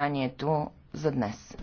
вниманието за днес.